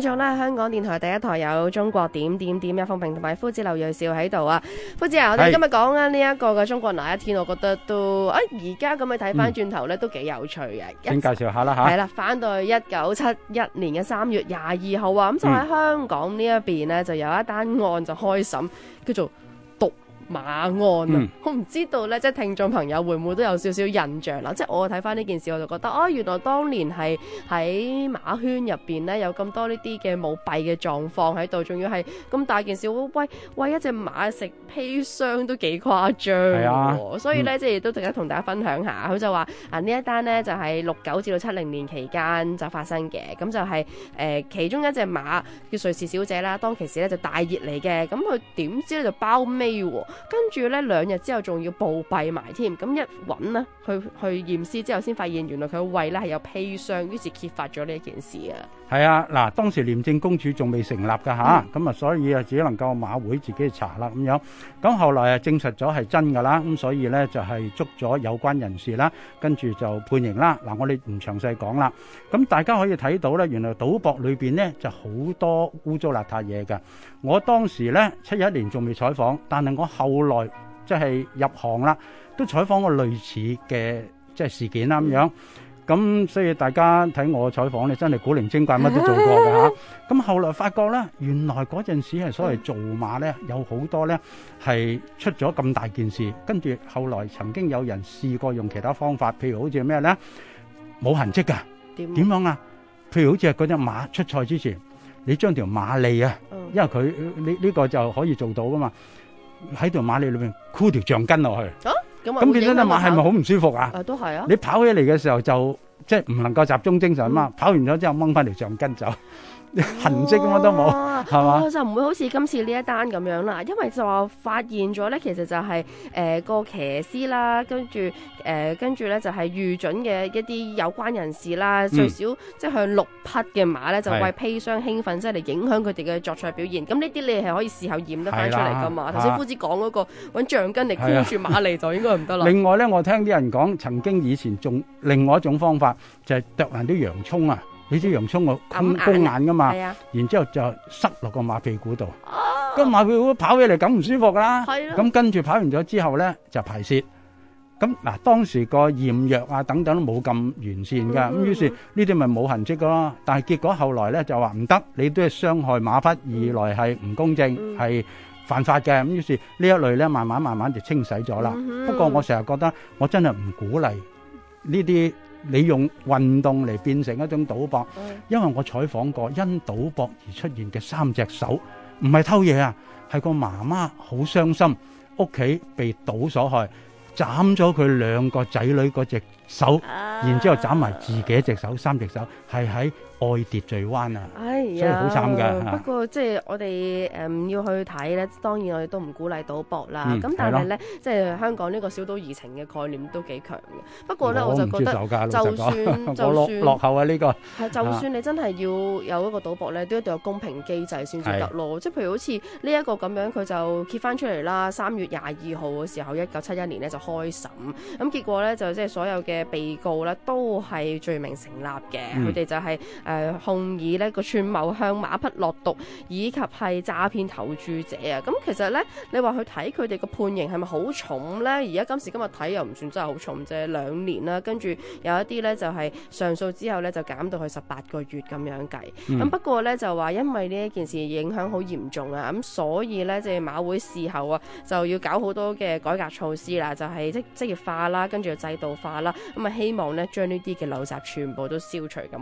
繼續啦，香港電台第一台有中國點點點啊，方平同埋夫子劉銳紹喺度啊，夫子啊，是我哋今日講緊呢一個嘅中國那一天，我覺得都啊，而家咁樣睇翻轉頭咧，都幾有趣嘅。嗯、日先介紹下啦吓，係啦，翻到去一九七一年嘅三月廿二號啊，咁就喺香港呢一邊咧就有一單案就開審，叫做馬案啊！嗯、我唔知道咧，即係聽眾朋友會唔會都有少少印象啦？即係我睇翻呢件事，我就覺得啊、哦，原來當年係喺馬圈入邊咧有咁多呢啲嘅舞弊嘅狀況喺度，仲要係咁大件事！喂喂，一隻馬食砒霜都幾誇張啊！所以咧即係都值得同大家分享下。佢就話啊，呢一單呢，就係六九至到七零年期間就發生嘅，咁就係、是、誒、呃、其中一隻馬叫瑞士小姐啦，當其時咧就大熱嚟嘅，咁佢點知咧就包尾喎。跟住咧，兩日之後仲要暴斃埋添，咁一揾啦，去去驗屍之後，先發現原來佢個胃咧係有砒霜，於是揭發咗呢一件事啊。係啊，嗱，當時廉政公署仲未成立㗎吓，咁啊，所以啊，只能夠馬會自己查啦咁樣。咁後來啊，證實咗係真㗎啦，咁所以咧就係捉咗有關人士啦，跟住就判刑啦。嗱，我哋唔詳細講啦。咁大家可以睇到咧，原來賭博裏邊咧就好多污糟邋遢嘢㗎。我當時咧七一年仲未採訪，但係我後後來即係入行啦，都採訪過類似嘅即係事件啦，咁樣咁，所以大家睇我採訪咧，真係古靈精怪，乜都做過㗎吓。咁後來發覺咧，原來嗰陣時係所謂做馬咧，有好多咧係出咗咁大件事。跟住後來曾經有人試過用其他方法，譬如好似咩咧冇痕跡㗎，點點樣啊？譬如好似嗰隻馬出賽之前，你將條馬脷啊，因為佢呢呢個就可以做到噶嘛。喺條馬里裏邊箍條橡筋落去，咁、啊、變咗隻馬係咪好唔舒服啊？啊，都係啊！你跑起嚟嘅時候就即係唔能夠集中精神啊嘛，嗯、跑完咗之後掹翻條橡筋走。痕跡乜都冇，係嘛哇吧？就唔會好似今次呢一單咁樣啦，因為就話發現咗咧，其實就係、是、誒、呃、個騎師啦，跟住誒、呃、跟住咧就係預準嘅一啲有關人士啦，最少、嗯、即係向六匹嘅馬咧就餵砒霜興奮，的即係嚟影響佢哋嘅作賽表現。咁呢啲你係可以事後驗得翻出嚟噶嘛？頭先的夫子講嗰、那個搵橡筋嚟箍住馬嚟就應該唔得啦。另外咧，我聽啲人講，曾經以前仲另外一種方法就係剁爛啲洋葱啊。你知洋葱我咁高眼噶嘛？然之後就塞落個馬屁股度，個馬屁股跑起嚟咁唔舒服噶啦。咁跟住跑完咗之後咧就排泄。咁嗱，當時個驗藥啊等等都冇咁完善嘅，咁於是呢啲咪冇痕跡咯。但係結果後來咧就話唔得，你都係傷害馬匹，二來係唔公正，係犯法嘅。咁於是呢一類咧慢慢慢慢就清洗咗啦。不過我成日覺得我真係唔鼓勵呢啲。你用運動嚟變成一種賭博，因為我採訪過，因賭博而出現嘅三隻手，唔係偷嘢啊，係個媽媽好傷心，屋企被賭所害，斬咗佢兩個仔女嗰隻手。然之後斬埋自己一隻手、哎、呀三隻手，係喺愛蝶聚灣啊，哎呀好慘㗎。不過即係我哋誒要去睇咧，當然我哋都唔鼓勵賭博啦。咁、嗯、但係咧，咯即係香港呢個小賭怡情嘅概念都幾強嘅。不過咧，我就不覺得就算就算落，落後啊呢、這個係就算你真係要有一個賭博咧，都一定要有公平機制先至得咯。的啊、即係譬如好似呢一個咁樣，佢就揭翻出嚟啦。三月廿二號嘅時候，一九七一年咧就開審，咁結果咧就即係所有嘅被告咧。都係罪名成立嘅，佢哋、嗯、就係、是、誒、呃、控以呢個串謀向馬匹落毒，以及係詐騙投注者啊。咁其實呢，你話去睇佢哋個判刑係咪好重呢？而家今時今日睇又唔算真係好重啫，兩年啦。跟住有一啲呢，就係、是、上訴之後呢，就減到去十八個月咁樣計。咁、嗯、不過呢，就話因為呢件事影響好嚴重啊，咁、嗯、所以呢，即、就、係、是、馬會事後啊就要搞好多嘅改革措施啦，就係、是、職職業化啦，跟住制度化啦。咁啊希望呢。將呢啲嘅陋習全部都消除咁